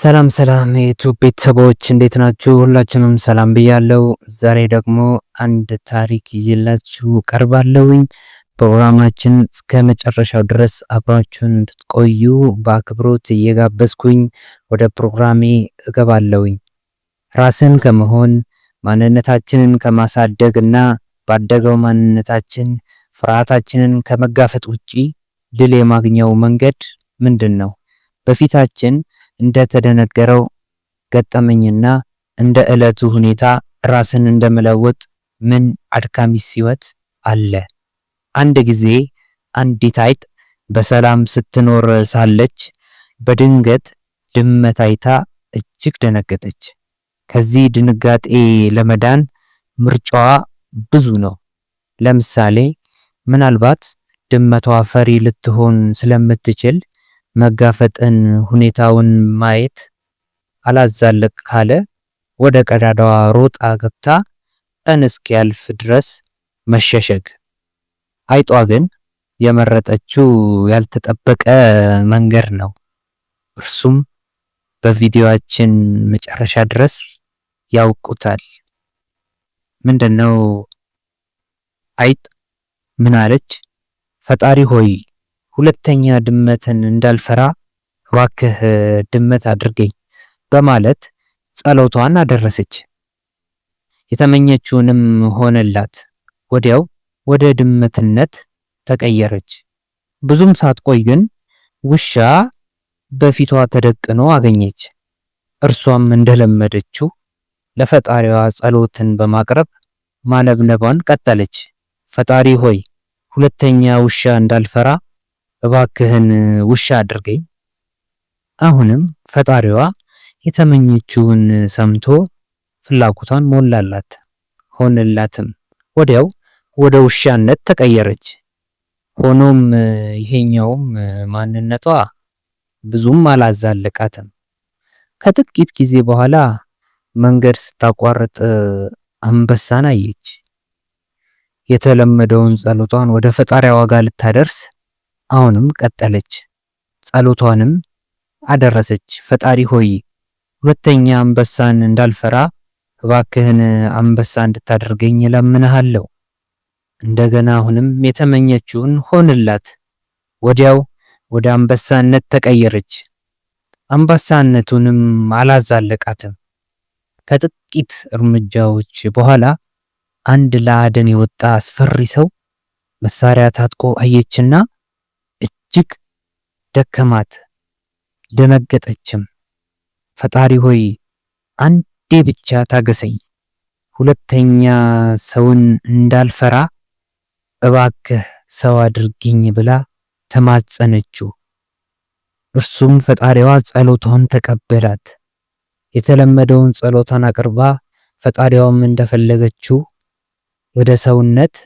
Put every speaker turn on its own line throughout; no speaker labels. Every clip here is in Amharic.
ሰላም ሰላም የዩቱብ ቤተሰቦች እንዴት ናችሁ? ሁላችንም ሰላም ብያለው። ዛሬ ደግሞ አንድ ታሪክ ይዤላችሁ ቀርባለሁኝ። ፕሮግራማችን እስከ መጨረሻው ድረስ አብራችሁን እንድትቆዩ በአክብሮት እየጋበዝኩኝ ወደ ፕሮግራሜ እገባለሁኝ። ራስን ከመሆን ማንነታችንን ከማሳደግ እና ባደገው ማንነታችን ፍርሃታችንን ከመጋፈጥ ውጪ ድል የማግኘው መንገድ ምንድን ነው? በፊታችን እንደተደነገረው ገጠመኝና እንደ ዕለቱ ሁኔታ ራስን እንደመለወጥ ምን አድካሚ ሕይወት አለ? አንድ ጊዜ አንዲት አይጥ በሰላም ስትኖር ሳለች በድንገት ድመት አይታ እጅግ ደነገጠች። ከዚህ ድንጋጤ ለመዳን ምርጫዋ ብዙ ነው። ለምሳሌ ምናልባት ድመቷ ፈሪ ልትሆን ስለምትችል መጋፈጥን ሁኔታውን ማየት አላዛለቅ ካለ ወደ ቀዳዳዋ ሮጣ ገብታ ቀን እስኪያልፍ ድረስ መሸሸግ። አይጧ ግን የመረጠችው ያልተጠበቀ መንገድ ነው። እርሱም በቪዲዮአችን መጨረሻ ድረስ ያውቁታል። ምንድነው? አይጥ ምን አለች? ፈጣሪ ሆይ ሁለተኛ ድመትን እንዳልፈራ እባክህ ድመት አድርገኝ በማለት ጸሎቷን አደረሰች። የተመኘችውንም ሆነላት። ወዲያው ወደ ድመትነት ተቀየረች። ብዙም ሳትቆይ ግን ውሻ በፊቷ ተደቅኖ አገኘች። እርሷም እንደለመደችው ለፈጣሪዋ ጸሎትን በማቅረብ ማነብነቧን ቀጠለች። ፈጣሪ ሆይ ሁለተኛ ውሻ እንዳልፈራ እባክህን ውሻ አድርገኝ። አሁንም ፈጣሪዋ የተመኘችውን ሰምቶ ፍላጎቷን ሞላላት፣ ሆነላትም። ወዲያው ወደ ውሻነት ተቀየረች። ሆኖም ይሄኛውም ማንነቷ ብዙም አላዛለቃትም። ከጥቂት ጊዜ በኋላ መንገድ ስታቋርጥ አንበሳን አየች። የተለመደውን ጸሎቷን ወደ ፈጣሪዋ ጋር ልታደርስ አሁንም ቀጠለች። ጸሎቷንም አደረሰች። ፈጣሪ ሆይ ሁለተኛ አንበሳን እንዳልፈራ እባክህን አንበሳ እንድታደርገኝ እለምንሃለሁ። እንደገና አሁንም የተመኘችውን ሆንላት። ወዲያው ወደ አንበሳነት ተቀየረች። አንበሳነቱንም አላዛለቃትም። ከጥቂት እርምጃዎች በኋላ አንድ ለአደን የወጣ አስፈሪ ሰው መሳሪያ ታጥቆ አየችና እጅግ ደከማት፣ ደነገጠችም። ፈጣሪ ሆይ አንዴ ብቻ ታገሰኝ፣ ሁለተኛ ሰውን እንዳልፈራ እባክህ ሰው አድርግኝ ብላ ተማጸነችው። እርሱም ፈጣሪዋ ጸሎቷን ተቀበላት። የተለመደውን ጸሎቷን አቅርባ ፈጣሪዋም እንደፈለገችው ወደ ሰውነት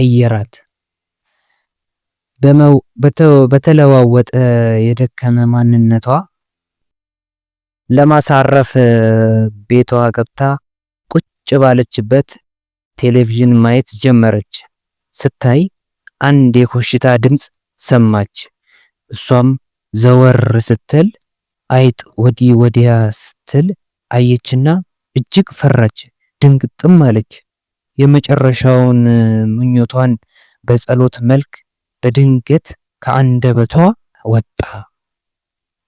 አየራት። በተለዋወጠ የደከመ ማንነቷ ለማሳረፍ ቤቷ ገብታ ቁጭ ባለችበት ቴሌቪዥን ማየት ጀመረች። ስታይ አንድ የኮሽታ ድምፅ ሰማች። እሷም ዘወር ስትል አይጥ ወዲህ ወዲያ ስትል አየችና እጅግ ፈራች፣ ድንግጥም አለች። የመጨረሻውን ምኞቷን በጸሎት መልክ በድንገት ከአንደበቷ ወጣ።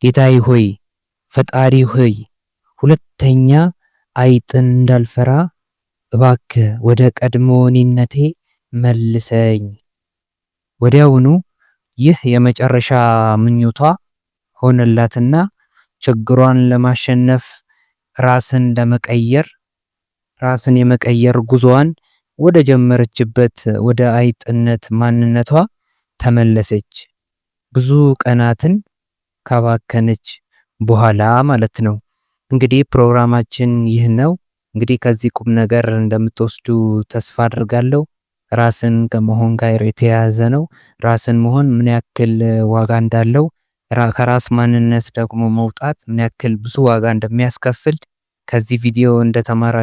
ጌታዬ ሆይ፣ ፈጣሪ ሆይ፣ ሁለተኛ አይጥን እንዳልፈራ እባክ ወደ ቀድሞኒነቴ መልሰኝ። ወዲያውኑ ይህ የመጨረሻ ምኞቷ ሆነላትና ችግሯን ለማሸነፍ ራስን ለመቀየር ራስን የመቀየር ጉዞዋን ወደ ጀመረችበት ወደ አይጥነት ማንነቷ ተመለሰች። ብዙ ቀናትን ካባከነች በኋላ ማለት ነው። እንግዲህ ፕሮግራማችን ይህ ነው። እንግዲህ ከዚህ ቁም ነገር እንደምትወስዱ ተስፋ አድርጋለሁ። ራስን ከመሆን ጋር የተያያዘ ነው። ራስን መሆን ምን ያክል ዋጋ እንዳለው ከራስ ማንነት ደግሞ መውጣት ምን ያክል ብዙ ዋጋ እንደሚያስከፍል ከዚህ ቪዲዮ እንደተማራችሁ